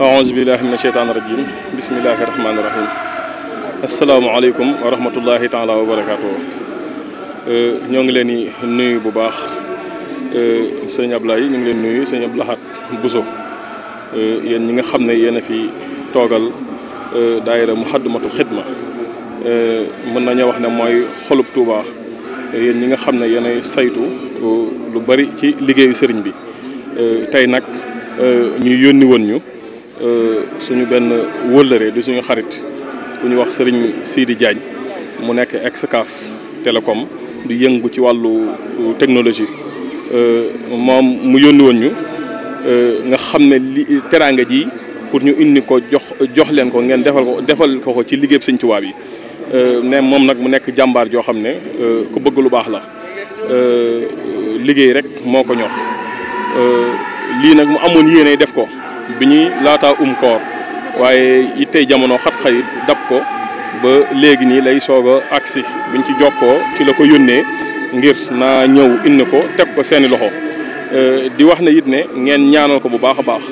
aouzu billahi mina sheytaani rajim bismillahi rahmaani rahim asalaamaaleykum wa rahmatullahi taala wa barakaatu ñoo ngi leen di nuyu bu baax sëñ Ablaye ñu ngi leen nuyu sëñ Abdou Lahad Bousso yéen ñi nga xam ne yéen a fi toogal daayira Muxaddamatul Xidma mën nañoo wax ne mooy xolub ñi nga xam ne yéen ay saytu lu bari ci liggéeyu sëriñ bi tey nag ñu yónni woon ñu. Euh, suñu benn wëllëre di suñu xarit ku ñu wax sëriñ Sidi Diagne mu nekk ex-CAF télécom di yëngu ci wàllu euh, technologie euh, moom mu yónni woon ñu nga xam ne li teraanga ji pour ñu indi ko jox jox leen ko ngeen defal ko ko ko ci liggéey sëñ Tuubaa bi ne moom nag mu nekk jàmbaar joo xam ne ku bëgg lu baax la liggéey rek moo ko ñor lii nag mu amoon yéene def ko bi ñuy laataa um koor waaye ittey jamono xat-xayit dab ko ba léegi nii lay soog a agsi biñ ci jokkoo ci la ko yónnee ngir naa ñëw indi ko teg ko seeni loxo euh, di wax na it ne ngeen ñaanal ko bu baax a baax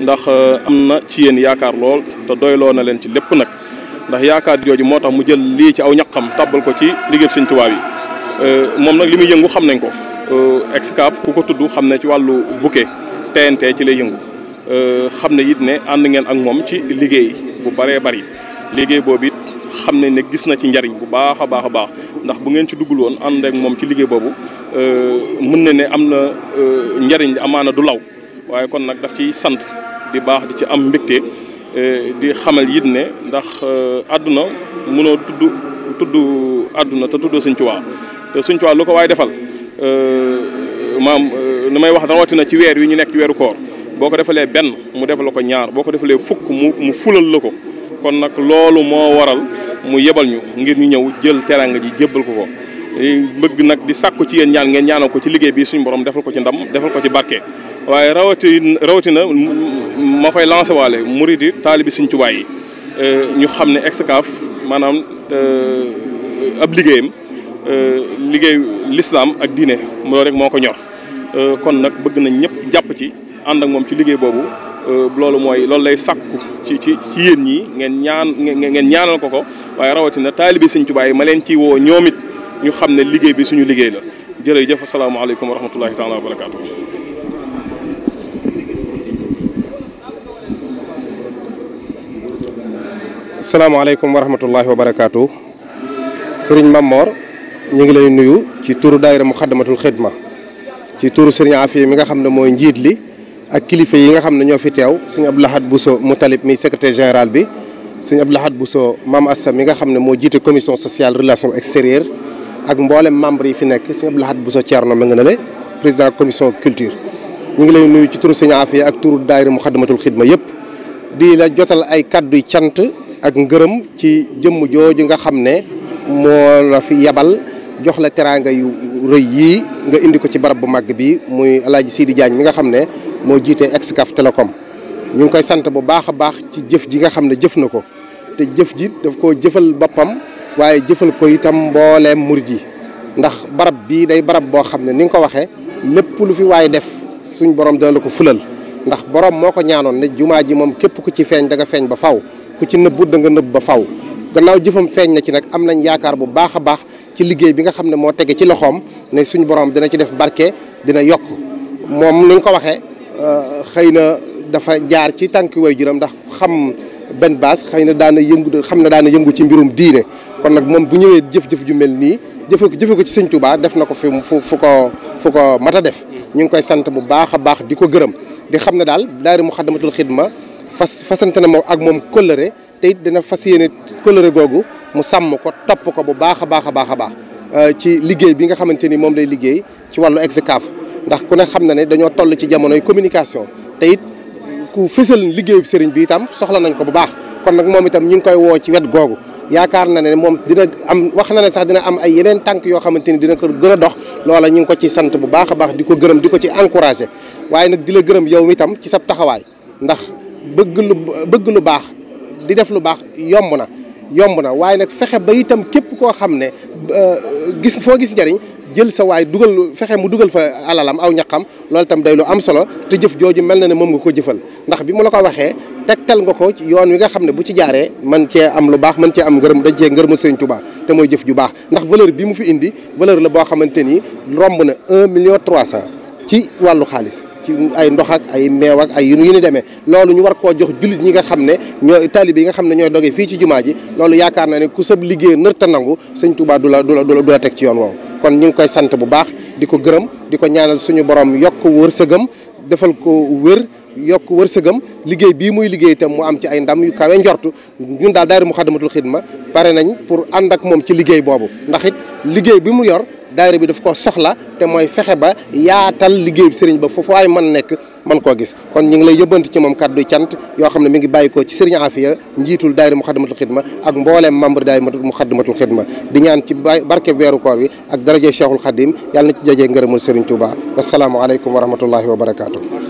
ndax euh, am na ci yéen yaakaar lool te doyloo na leen ci lépp nag ndax yaakaar jooju moo tax mu jël lii ci aw ñaqam tàbbal ko ci liggéey Sëñ Tuubaa yi euh, moom nag li muy yëngu xam nañ ko Excaf ku ko tudd xam na ci wàllu bouquet TNT ci lay yëngu Euh, xam ne it ne ànd ngeen ak moom ci liggéey bu bëree bëri liggéey boobu it xam ne ne gis na ci njariñ bu baax a baax a baax ndax bu ngeen ci duggul woon ànd moom ci liggéey boobu euh, mën na ne am na euh, njariñ amaana du law waaye kon nag daf ciy sant di baax di ci am mbégte di xamal it ne ndax àdduna mënoo tudd tudd àdduna te tudd Sëñ Tuubaa te Sëñ Tuubaa lu ko waaye defal maam nu may wax rawatina ci weer wi ñu nekk weeru koor boo ko defalee benn mu defal ko ñaar boo ko defalee fukk mu mu fulal la ko kon nag loolu moo waral mu yebal ñu ngir ñu ñëw jël teranga ji jébbal ko ko bëgg nag di sàkku ci yéen ñaan ngeen ñaanal ko ci liggéey bi suñu borom defal ko ci ndam defal ko ci barke waaye rawati rawatina ma koy lancé waale murid yi taalibi Sëriñ Tuubaa yi euh, ñu xam ne Excaf maanaam euh, ab liggéeyam euh, liggéey lislaam ak diine loolu rek moo ko ñor kon nag bëgg nañ ñëpp jàpp ci ànd ak moom ci liggéey boobu euh, loolu mooy loolu lay sàkku ci ci ci ñi ngeen ñaan ngeen ñaanal ko ko waaye rawatina taalibe Sëñ Tuubaa yi ma leen ci woo ñoomit ñu xam ne liggéey bi suñu liggéey la jërëjëf asalaamaaleykum wa rahmatullahi taala wa barakaatu. asalaamaaleykum wa rahmatullahi wa barakaatu. Sëriñ Mamor ñu ngi lay nuyu ci turu daayira Muxaddamatul Xidma ci turu sëriñ Afia mi nga xam ne mooy njiit li ak kilifa yi nga xam ne ñoo fi teew sëñ bu Lahad Bousso Moutalib mi secretaire général bi sëñ Abdou Lahad Bousso Mame Assa mi nga xam ne moo jiite commission sociale relation extérieure ak mboolem membre yi fi nekk sëñ Abdou Lahad Bousso Thierno ma nga ne le président commission culture ñu ngi lay nuyu ci turu sëñ Afia ak turu daayira Muxaddamatul Xidma yëpp di la jotal ay kàddu cant ak ngërëm ci jëmm jooju nga xam ne moo la fi yabal jox la teraanga yu rëy yii nga indi ko ci barab bu màgg bi muy El Hadj Sidi Diagne mi nga xam ne moo jiitee ex Excaf Télécom ñu ngi koy sant bu baax a baax ci jëf ji nga xam ne jëf na ko te jëf ji daf koo jëfal boppam waaye jëfal ko itam mbooleem murid ji ndax barab bii day barab boo xam ne ni nga ko waxee lépp lu fi waaye def suñ borom dana la ko fulal ndax borom moo ko ñaanoon ne jumaa ji moom képp ku ci feeñ da nga feeñ ba faw ku ci nëbbu da nga nëbb ba faw gannaaw jëfam feeñ na ci nag am nañ yaakaar bu baax a baax ci liggéey bi nga xam ne moo tege ci loxoom ne suñu borom dana ci def barke dina yokk moom ni ko waxee euh, xëy na dafa jaar ci tànki way juram ndax xam benn baas xëy na daana yëngu xam na daana yëngu ci mbirum diine kon nag moom bu ñëwee jëf-jëf ju mel nii jëfe ko jëfe ko ci sëñ Touba def na ko fi fu fu ko fu ko mat a def ñu ngi koy sant bu baax a baax di ko gërëm di xam ne daal daa daari Muxaddamatul Xidma fas fasante na moom ak moom kóllëre teyit it dina fas yéene kóllëre googu mu sàmm ko topp ko bu baax a baax a baax a baax euh, ci liggéey bi nga xamante ni moom lay liggéey ci wàllu Excaf ndax ku ne xam na ne dañoo toll ci jamonoy communication te it ku fësal liggéeyu sëriñ bi itam soxla nañ ko bu baax kon nag moom itam ñu ngi koy woo ci wet googu yaakaar na ne moom dina am wax na ne sax dina am ay yeneen tànk yoo xamante ni dina ko gën a dox loola ñu ngi ko ci sant bu baax a baax di gërëm di ko ci encouragé waaye nag di la gërëm yow itam ci sab taxawaay ndax bëgg lu bëgg lu baax di def lu baax yomb na yomb na waaye nag fexe ba itam képp koo xam ne gis foo gis njariñ jël sa waay dugal fexe mu dugal fa alalam aw ñaqam loolu itam day lu am solo te jëf jooju mel na ne moom nga ko jëfal ndax bi mu la ko waxee tegtal nga ko ci yoon wi nga xam ne bu ci jaaree man cee am lu baax man cee am ngërëm dañ cee ngërëmu Sëñ Tuubaa te mooy jëf ju baax ndax valeur bi mu fi indi valeur la boo xamante ni romb na un million trois cent ci wàllu xaalis ci ay ndoxak ay meew ak ay yu ni demee loolu ñu war koo jox jullit ñi nga xam ne ñooy taalibe yi nga xam ne ñooy doge fii ci jumaa ji loolu yaakaar na ne ku sab liggéey nërta nangu sëñ Touba du la du la du la teg ci yoon woowu kon ñu ngi koy sant bu baax di ko gërëm di ko ñaanal suñu borom yokk wërsëgam defal ko wér yokk war sëgam liggéey bii muy liggéey itam mu am ci ay ndam yu kawe njortu ñun daal daayira Muxaddamatul Xidma pare nañ pour ànd ak moom ci liggéey boobu ndax it liggéey bi mu yor daayira bi daf ko soxla te mooy fexe ba yaatal liggéey bi sëriñ ba foofu ay man nekk man koo gis kon ñu ngi lay yëbbanti ci moom kaddu cant yoo xam ne mu ngi bàyyi ko ci sëriñ Afia njiitul daayira Muxaddamatul Xidma ak mbooleem membre daayira Muxaddamatul Xidma di ñaan ci barke weeru koor bi ak daraje Cheikhul Khadim yàlla na ci jajee ngërëmal sëriñ Touba wasalaamu aleykum wa rahmatullahi wa barakaatu